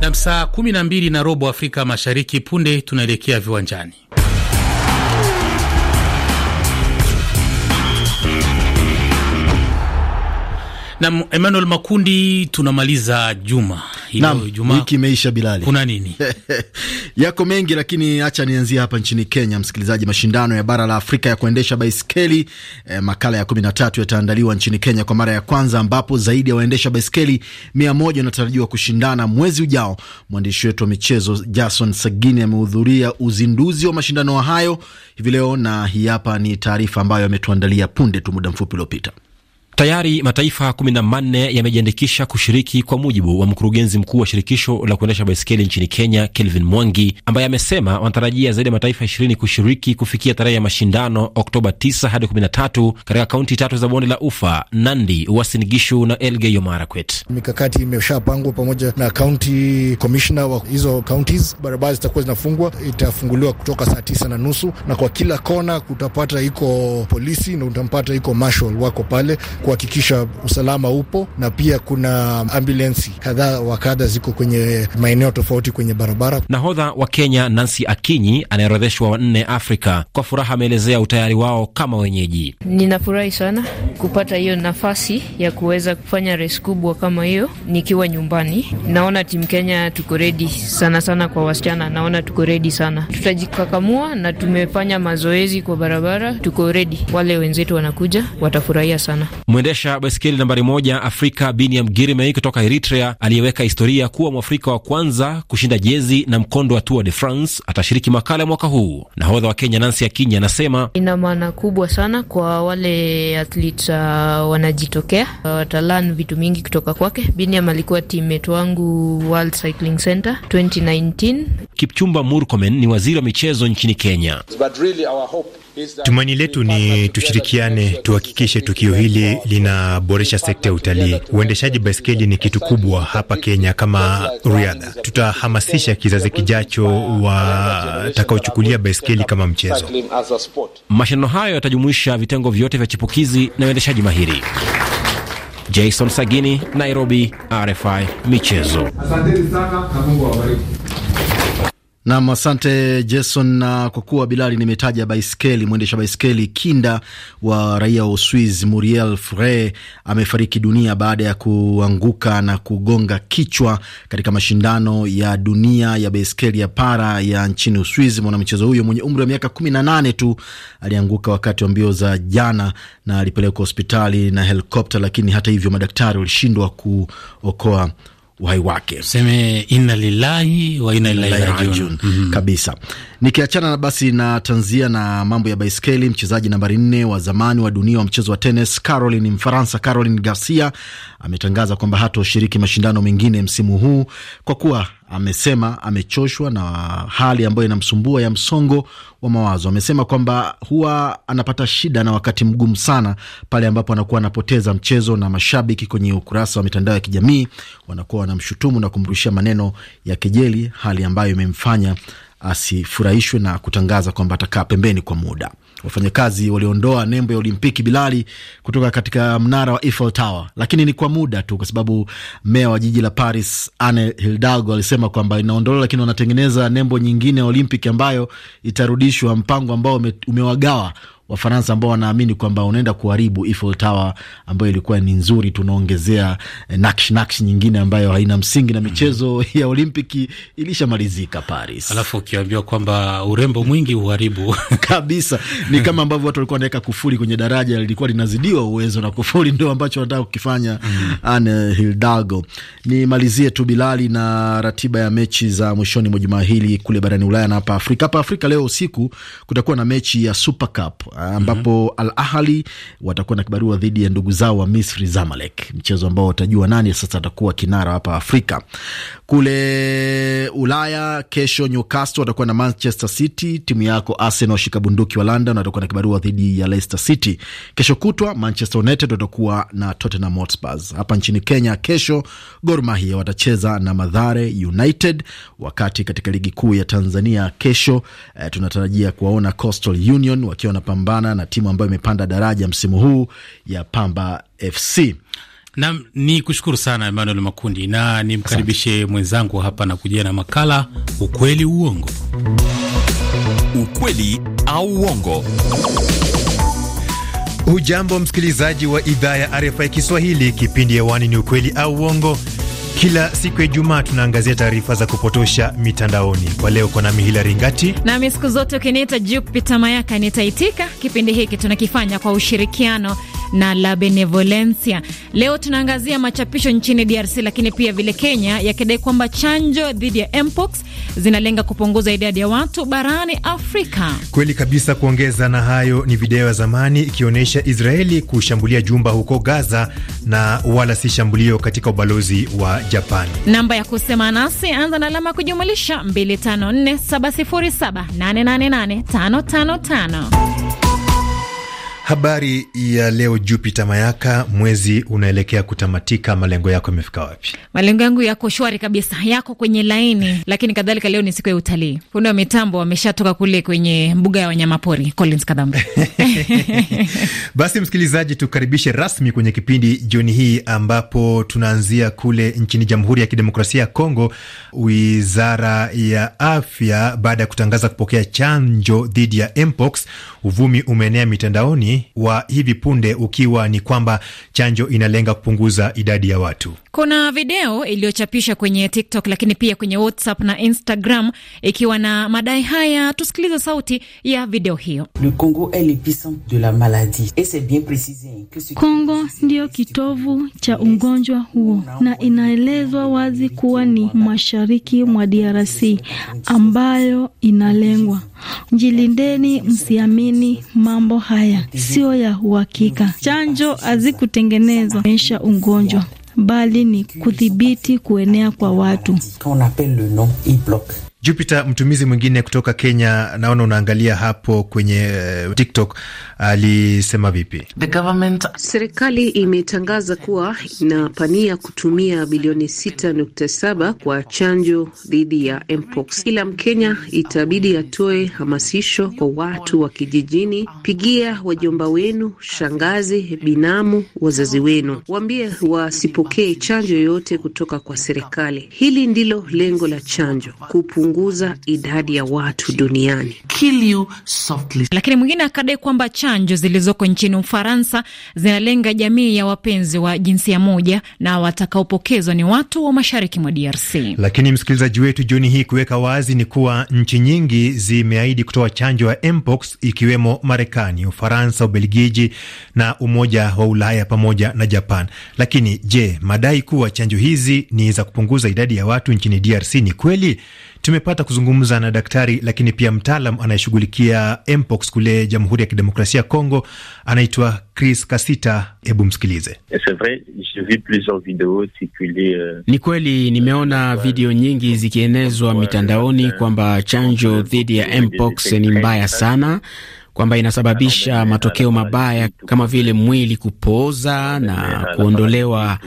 na saa 12 na robo Afrika Mashariki. Punde tunaelekea viwanjani. na Emmanuel Makundi, tunamaliza juma hilo. Juma wiki imeisha, Bilali, kuna nini? Yako mengi, lakini acha nianzie hapa nchini Kenya. Msikilizaji, mashindano ya bara la Afrika ya kuendesha baiskeli eh, makala ya 13 yataandaliwa nchini Kenya kwa mara ya kwanza, ambapo zaidi ya waendesha baiskeli 100 wanatarajiwa kushindana mwezi ujao. Mwandishi wetu wa michezo Jason Sagini amehudhuria uzinduzi wa mashindano hayo hivi leo, na hii hapa ni taarifa ambayo ametuandalia punde tu muda mfupi uliopita. Tayari mataifa kumi na manne yamejiandikisha kushiriki, kwa mujibu wa mkurugenzi mkuu wa shirikisho la kuendesha baiskeli nchini Kenya, Kelvin Mwangi, ambaye amesema wanatarajia zaidi ya mataifa ishirini kushiriki kufikia tarehe ya mashindano Oktoba 9 hadi 13 katika kaunti tatu za bonde la Ufa, Nandi, Uasin Gishu na Elgeyo Marakwet. Mikakati imeshapangwa pamoja na kaunti komishna wa hizo kauntis. Barabara zitakuwa zinafungwa, itafunguliwa kutoka saa tisa na nusu na kwa kila kona kutapata iko polisi na utampata iko marshal wako pale kuhakikisha usalama upo, na pia kuna ambulensi kadhaa wa kadha ziko kwenye maeneo tofauti kwenye barabara. Nahodha wa Kenya Nancy Akinyi anayeorodheshwa wanne Afrika, kwa furaha ameelezea utayari wao kama wenyeji. Ninafurahi sana kupata hiyo nafasi ya kuweza kufanya resi kubwa kama hiyo nikiwa nyumbani. Naona timu Kenya tuko redi sana sana, kwa wasichana naona tuko redi sana, tutajikakamua na tumefanya mazoezi kwa barabara, tuko redi. Wale wenzetu wanakuja watafurahia sana. Mwendesha baiskeli nambari moja Afrika Biniam Girmay kutoka Eritrea aliyeweka historia kuwa mwafrika wa kwanza kushinda jezi na mkondo wa Tour de France atashiriki makala mwaka huu. Nahodha wa Kenya Nancy Akinya anasema ina maana kubwa sana kwa wale athletes unakuta wanajitokea, watalan vitu mingi kutoka kwake. Biniam alikuwa teammate wangu World Cycling Center 2019. Kipchumba Murkomen ni waziri wa michezo nchini Kenya. But really our hope Tumaini letu ni tushirikiane, tuhakikishe tukio hili linaboresha sekta ya utalii. Uendeshaji baiskeli ni kitu kubwa hapa Kenya kama riadha. Tutahamasisha kizazi kijacho watakaochukulia baiskeli kama mchezo. Mashindano hayo yatajumuisha vitengo vyote vya chipukizi na uendeshaji mahiri. Jason Sagini, Nairobi, RFI Michezo. Asanteni sana na Mungu awabariki. Nam, asante Jason. Na kwa kuwa Bilali nimetaja baiskeli, mwendesha baiskeli kinda wa raia wa Uswiz Muriel Fre amefariki dunia baada ya kuanguka na kugonga kichwa katika mashindano ya dunia ya baiskeli ya para ya nchini Uswiz. Mwanamchezo huyo mwenye umri wa miaka 18 tu alianguka wakati wa mbio za jana na alipelekwa hospitali na helikopta, lakini hata hivyo madaktari walishindwa kuokoa uhai wake, seme inna lillahi wa inna ilaihi rajiun. Mm -hmm. Kabisa. Nikiachana na basi na tanzia na mambo ya baiskeli, mchezaji nambari nne wa zamani wa dunia wa mchezo wa tenis Caroline Mfaransa Caroline Garcia ametangaza kwamba hatoshiriki mashindano mengine msimu huu kwa kuwa amesema amechoshwa na hali ambayo inamsumbua ya msongo wa mawazo. Amesema kwamba huwa anapata shida na wakati mgumu sana pale ambapo anakuwa anapoteza mchezo, na mashabiki kwenye ukurasa wa mitandao ya kijamii wanakuwa wanamshutumu na kumrushia maneno ya kejeli, hali ambayo imemfanya asifurahishwe na kutangaza kwamba atakaa pembeni kwa muda. Wafanyakazi waliondoa nembo ya Olimpiki Bilali kutoka katika mnara wa Eiffel Tower, lakini ni kwa muda tu, kwa sababu meya wa jiji la Paris Anne Hidalgo alisema kwamba inaondolewa, lakini wanatengeneza nembo nyingine ya Olimpiki ambayo itarudishwa, mpango ambao ume, umewagawa Wafaransa ambao wanaamini kwamba unaenda kuharibu Eiffel Tower ambayo ilikuwa ni nzuri, tunaongezea eh, nakshi nakshi nyingine ambayo haina msingi, na michezo mm -hmm. ya Olimpiki ilishamalizika Paris, alafu ukiambiwa kwamba urembo mwingi uharibu kabisa. Ni kama ambavyo watu walikuwa wanaweka kufuli kwenye daraja lilikuwa linazidiwa uwezo na kufuli ndio ambacho wanataka kukifanya mm -hmm. Anne Hidalgo. Nimalizie tu Bilali na ratiba ya mechi za mwishoni mwa juma hili kule barani Ulaya na hapa Afrika. Hapa Afrika leo usiku kutakuwa na mechi ya Super Cup Eh, ambapo mm -hmm. Al Ahli watakuwa na kibarua dhidi ya ndugu zao wa Misri, Zamalek, mchezo ambao watajua nani sasa atakuwa kinara hapa Afrika. Kule Ulaya kesho, Newcastle watakuwa na Manchester City, timu yako Arsenal washika bunduki wa London watakuwa na kibarua dhidi ya Leicester City. Kesho kutwa Manchester United watakuwa na Tottenham Hotspur. Hapa nchini Kenya kesho Gor Mahia watacheza na Mathare United, wakati katika ligi kuu ya Tanzania kesho eh, tunatarajia kuwaona Coastal Union wakiwa na pamba kupambana na timu ambayo imepanda daraja msimu huu ya Pamba FC. Na ni kushukuru sana Emmanuel Makundi, na nimkaribishe mwenzangu hapa na kujia na makala ukweli uongo, ukweli au uongo. Hujambo msikilizaji wa idhaa ya RFI Kiswahili, kipindi hewani ni ukweli au uongo. Kila siku ya Ijumaa tunaangazia taarifa za kupotosha mitandaoni. Kwa leo kwa nami Hilari Ngati, nami siku zote ukiniita Jupita Mayaka nitaitika. Kipindi hiki tunakifanya kwa ushirikiano na La Benevolencia. Leo tunaangazia machapisho nchini DRC, lakini pia vile Kenya yakidai kwamba chanjo dhidi ya mpox zinalenga kupunguza idadi ya watu barani Afrika. Kweli kabisa. Kuongeza na hayo ni video ya zamani ikionyesha Israeli kushambulia jumba huko Gaza na wala si shambulio katika ubalozi wa Japan. Namba ya kusema nasi anza na alama kujumulisha 254707888555 Habari ya leo, Jupita Mayaka. Mwezi unaelekea kutamatika, malengo yako yamefika wapi? Malengo yangu yako shwari kabisa, yako kwenye laini, eh. lakini kadhalika, leo ni siku ya utalii. Fundi wa mitambo wameshatoka kule kwenye mbuga ya wanyamapori. Collins Basi msikilizaji, tukaribishe rasmi kwenye kipindi jioni hii, ambapo tunaanzia kule nchini Jamhuri ya Kidemokrasia ya Kongo. Wizara ya Afya, baada ya kutangaza kupokea chanjo dhidi ya mpox, uvumi umeenea mitandaoni wa hivi punde ukiwa ni kwamba chanjo inalenga kupunguza idadi ya watu. Kuna video iliyochapisha kwenye TikTok lakini pia kwenye WhatsApp na Instagram ikiwa na madai haya. Tusikilize sauti ya video hiyo. Kongo ndiyo kitovu cha ugonjwa huo na inaelezwa wazi kuwa ni mashariki mwa DRC ambayo inalengwa. Jilindeni, msiamini mambo haya, sio ya uhakika. Chanjo hazikutengenezwa kuonyesha ugonjwa bali ni kudhibiti kuenea kwa watu. Jupiter, mtumizi mwingine kutoka Kenya, naona unaangalia hapo kwenye uh, TikTok alisema uh, vipi? Government... serikali imetangaza kuwa inapania kutumia bilioni 6.7 kwa chanjo dhidi ya mpox, Kila Mkenya itabidi atoe hamasisho kwa watu wa kijijini. Pigia wajomba wenu, shangazi, binamu, wazazi wenu, waambie wasipokee chanjo yoyote kutoka kwa serikali. Hili ndilo lengo la chanjo kupu kupunguza idadi ya watu duniani. Lakini mwingine akadai kwamba chanjo zilizoko nchini Ufaransa zinalenga jamii ya wapenzi wa jinsia moja na watakaopokezwa ni watu wa mashariki mwa DRC. Lakini msikilizaji wetu jioni hii kuweka wazi ni kuwa nchi nyingi zimeahidi kutoa chanjo ya mpox ikiwemo Marekani, Ufaransa, Ubelgiji na Umoja wa Ulaya pamoja na Japan. Lakini je, madai kuwa chanjo hizi ni za kupunguza idadi ya watu nchini DRC ni kweli? Tumepata kuzungumza na daktari lakini pia mtaalam anayeshughulikia mpox kule Jamhuri ya Kidemokrasia ya Kongo, anaitwa Chris Kasita. Hebu msikilize. Euh, ni kweli nimeona euh, video nyingi zikienezwa mitandaoni kwamba chanjo dhidi ya mpox ni mbaya sana kwamba inasababisha matokeo mabaya kama vile mwili kupooza na kuondolewa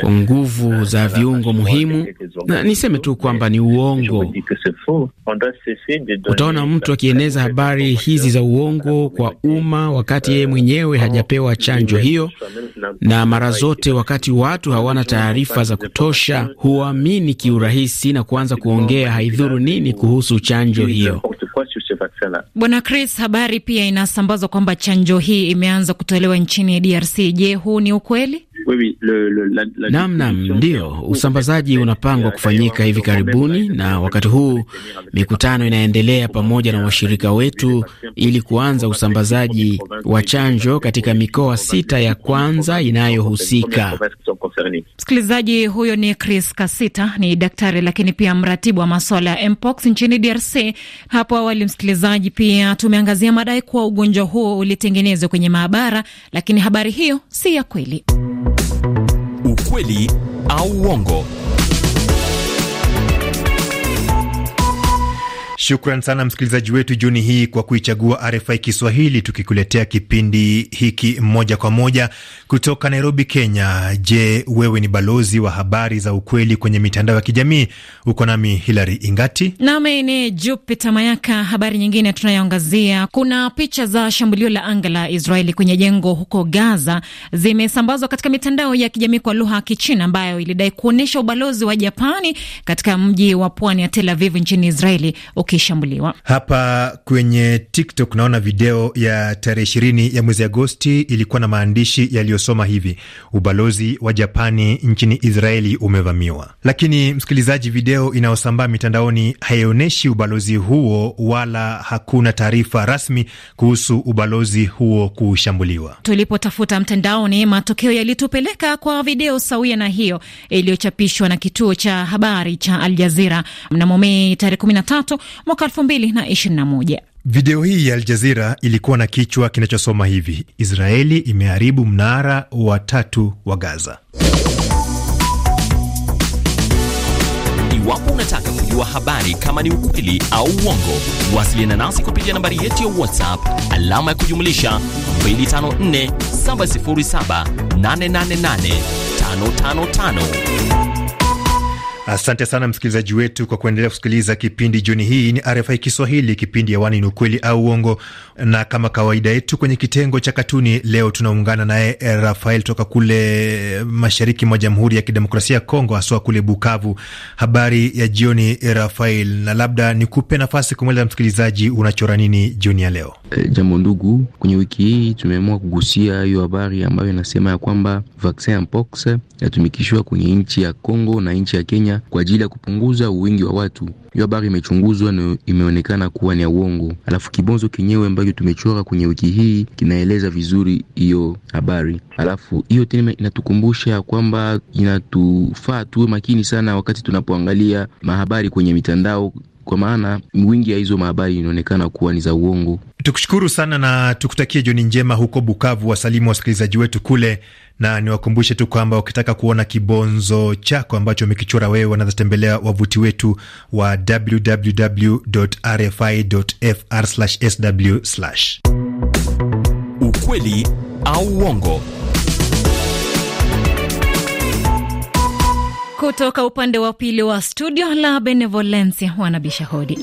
kwa nguvu za viungo muhimu. Na niseme tu kwamba ni uongo. Utaona mtu akieneza habari hizi za uongo kwa umma, wakati yeye eh, mwenyewe oh, hajapewa chanjo hiyo, na mara zote, wakati watu hawana taarifa za kutosha, huamini kiurahisi na kuanza kuongea haidhuru nini kuhusu chanjo hiyo sana. Bwana Chris, habari pia inasambazwa kwamba chanjo hii imeanza kutolewa nchini DRC. Je, huu ni ukweli? nam nam ndio. Usambazaji unapangwa kufanyika hivi karibuni, na wakati huu mikutano inaendelea pamoja na washirika wetu ili kuanza usambazaji wa chanjo katika mikoa sita ya kwanza inayohusika. Msikilizaji huyo ni Chris Kasita, ni daktari lakini pia mratibu wa maswala ya mpox nchini DRC. Hapo awali, msikilizaji, pia tumeangazia madai kuwa ugonjwa huo ulitengenezwa kwenye maabara, lakini habari hiyo si ya kweli. Ukweli au uongo Shukran sana msikilizaji wetu jioni hii kwa kuichagua RFI Kiswahili, tukikuletea kipindi hiki moja kwa moja kutoka Nairobi, Kenya. Je, wewe ni balozi wa habari za ukweli kwenye mitandao ya kijamii? Uko nami Hilary Ingati nami ni Jupiter Mayaka. Habari nyingine tunayoangazia, kuna picha za shambulio la anga la Israeli kwenye jengo huko Gaza zimesambazwa katika mitandao ya kijamii kwa lugha ya Kichina ambayo ilidai kuonyesha ubalozi wa Japani katika mji wa pwani ya Tel Aviv nchini Israeli. Okay wakishambuliwa. Hapa kwenye TikTok naona video ya tarehe ishirini ya mwezi Agosti ilikuwa na maandishi yaliyosoma hivi: ubalozi wa Japani nchini Israeli umevamiwa. Lakini msikilizaji, video inayosambaa mitandaoni haionyeshi ubalozi huo wala hakuna taarifa rasmi kuhusu ubalozi huo kushambuliwa. Tulipotafuta mtandaoni, matokeo yalitupeleka kwa video sawia na hiyo iliyochapishwa na kituo cha habari cha Aljazira mnamo Mei tarehe 13 mwaka elfu mbili na ishirini na moja. Video hii ya Aljazira ilikuwa na kichwa kinachosoma hivi: Israeli imeharibu mnara wa tatu wa Gaza. Iwapo unataka kujua habari kama ni ukweli au uongo, wasiliana nasi kupitia nambari yetu ya WhatsApp alama ya kujumlisha 254 707 888 555. Asante sana msikilizaji wetu kwa kuendelea kusikiliza kipindi jioni hii. Ni RFI Kiswahili, kipindi wani ni ukweli au uongo, na kama kawaida yetu kwenye kitengo cha katuni, leo tunaungana naye Rafael toka kule mashariki mwa Jamhuri ya Kidemokrasia ya Kongo, haswa kule Bukavu. Habari ya jioni Rafael, na labda nikupe nafasi kumweleza msikilizaji unachora nini jioni ya leo. Eh, jambo ndugu, kwenye wiki hii tumeamua kugusia hiyo habari ambayo inasema ya kwamba vaksin ya mpox yatumikishwa kwenye nchi ya Kongo na nchi ya Kenya kwa ajili ya kupunguza uwingi wa watu. Hiyo habari imechunguzwa na imeonekana kuwa ni ya uongo, alafu kibonzo kenyewe ambacho tumechora kwenye wiki hii kinaeleza vizuri hiyo habari. Alafu hiyo tena inatukumbusha ya kwamba inatufaa tuwe makini sana wakati tunapoangalia mahabari kwenye mitandao kwa maana wingi ya hizo mahabari inaonekana kuwa ni za uongo. Tukushukuru sana na tukutakie jioni njema huko Bukavu. Wasalimu wasikilizaji wetu kule, na niwakumbushe tu kwamba ukitaka kuona kibonzo chako ambacho umekichora wewe, wanazatembelea wavuti wetu wa www.rfi.fr/sw. Ukweli au uongo Kutoka upande wa pili wa studio la Benevolencia wanabisha hodi.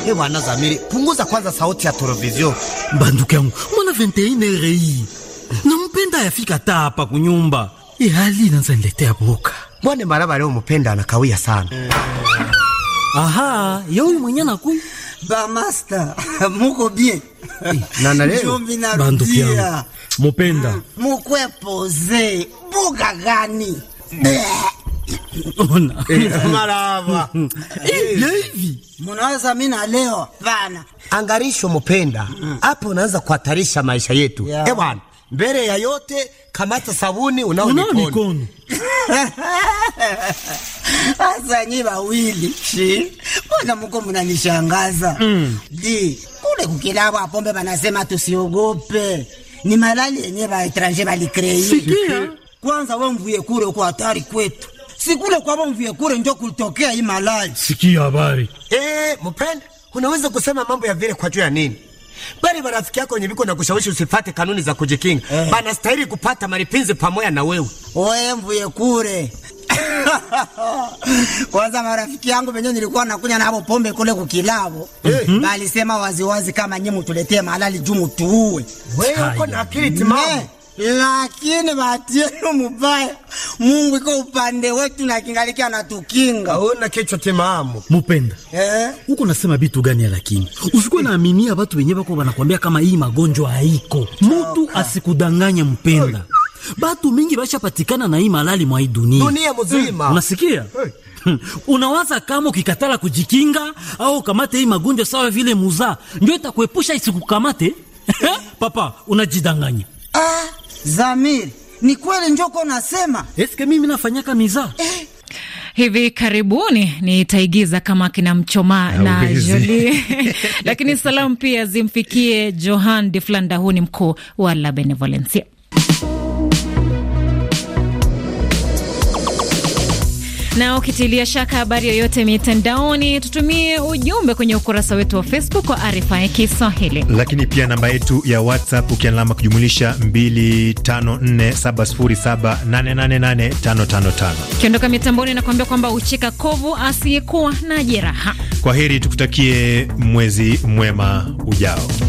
Hey, eh, mwana Zamiri, punguza kwanza sauti ya televizio. Banduke yangu, mwana 21 rei. Nampenda yafika hata hapa kunyumba. Hii eh, hali inaanza niletea buka. Mbona maraba leo mpenda anakawia sana. Aha, yeye mwenyewe anakuya. Ba master, muko bien. Hey, eh, na leo. Mbanduke yangu. Mupenda mukwepoze buga gani? Eh, eh. marava eh, hivi mnaweza mimi na leo bana angarisho Mupenda mm. hapo mm. unaanza kuhatarisha maisha yetu yeah. Eh bwana, mbele ya yote kamata sabuni unao mikono Asa nyi wawili shi, mbona mko mnanishangaza? Mm. Di, kule kukilabwa pombe banasema tusiogope ni malali yenye ba etranger balikreie. Kwanza we mvuye kure uko hatari kwetu, sikule kwavo mvuye kure njo kulitokea hii malali. Sikia habari eh, mpende, unaweza kusema mambo ya vile kwa juu ya nini? Bali marafiki yako wenye viko na kushawishi usifate kanuni za kujikinga eh, stahili kupata maripinzi pamoja na wewe. Wewe mvuye kure Kwanza marafiki yangu wenyewe nilikuwa nakunya na hapo pombe kule kukilabo. Mm -hmm. Bali sema waziwazi kama nyinyi mtuletee malali jumu tuue. Wewe uko na akili timamu. Eh, lakini bahati yenu mubaya, Mungu iko upande wetu na kingalikia na tukinga. Haona kichwa timamu. Mupenda. Eh? Uko nasema bitu gani lakini? Usikuwe naaminia watu wenyewe wako wanakuambia kama hii magonjwa haiko. Mtu asikudanganya mpenda batu mingi baishapatikana na hii malali mwa hii dunia, dunia mzima. Hmm, unasikia hey. Unawaza kama ukikatala kujikinga au ukamate hii magonjwa sawa vile muza ndio itakuepusha isikukamate. Papa, unajidanganya. Ah, Zamiri, ni kweli njoko nasema. Eske mimi nafanyaka miza eh. Hivi karibuni nitaigiza kama kina mchoma ah, na Joli lakini salamu pia zimfikie Johan de Flandahuni, mkuu wa La Benevolencia. Na ukitilia shaka habari yoyote mitandaoni, tutumie ujumbe kwenye ukurasa wetu wa Facebook wa RFI Kiswahili, lakini pia namba yetu ya WhatsApp ukianlama kujumulisha 254707888555. Ukiondoka mitamboni, nakuambia kwamba uchika kovu asiyekuwa na jeraha. Kwa heri, tukutakie mwezi mwema ujao.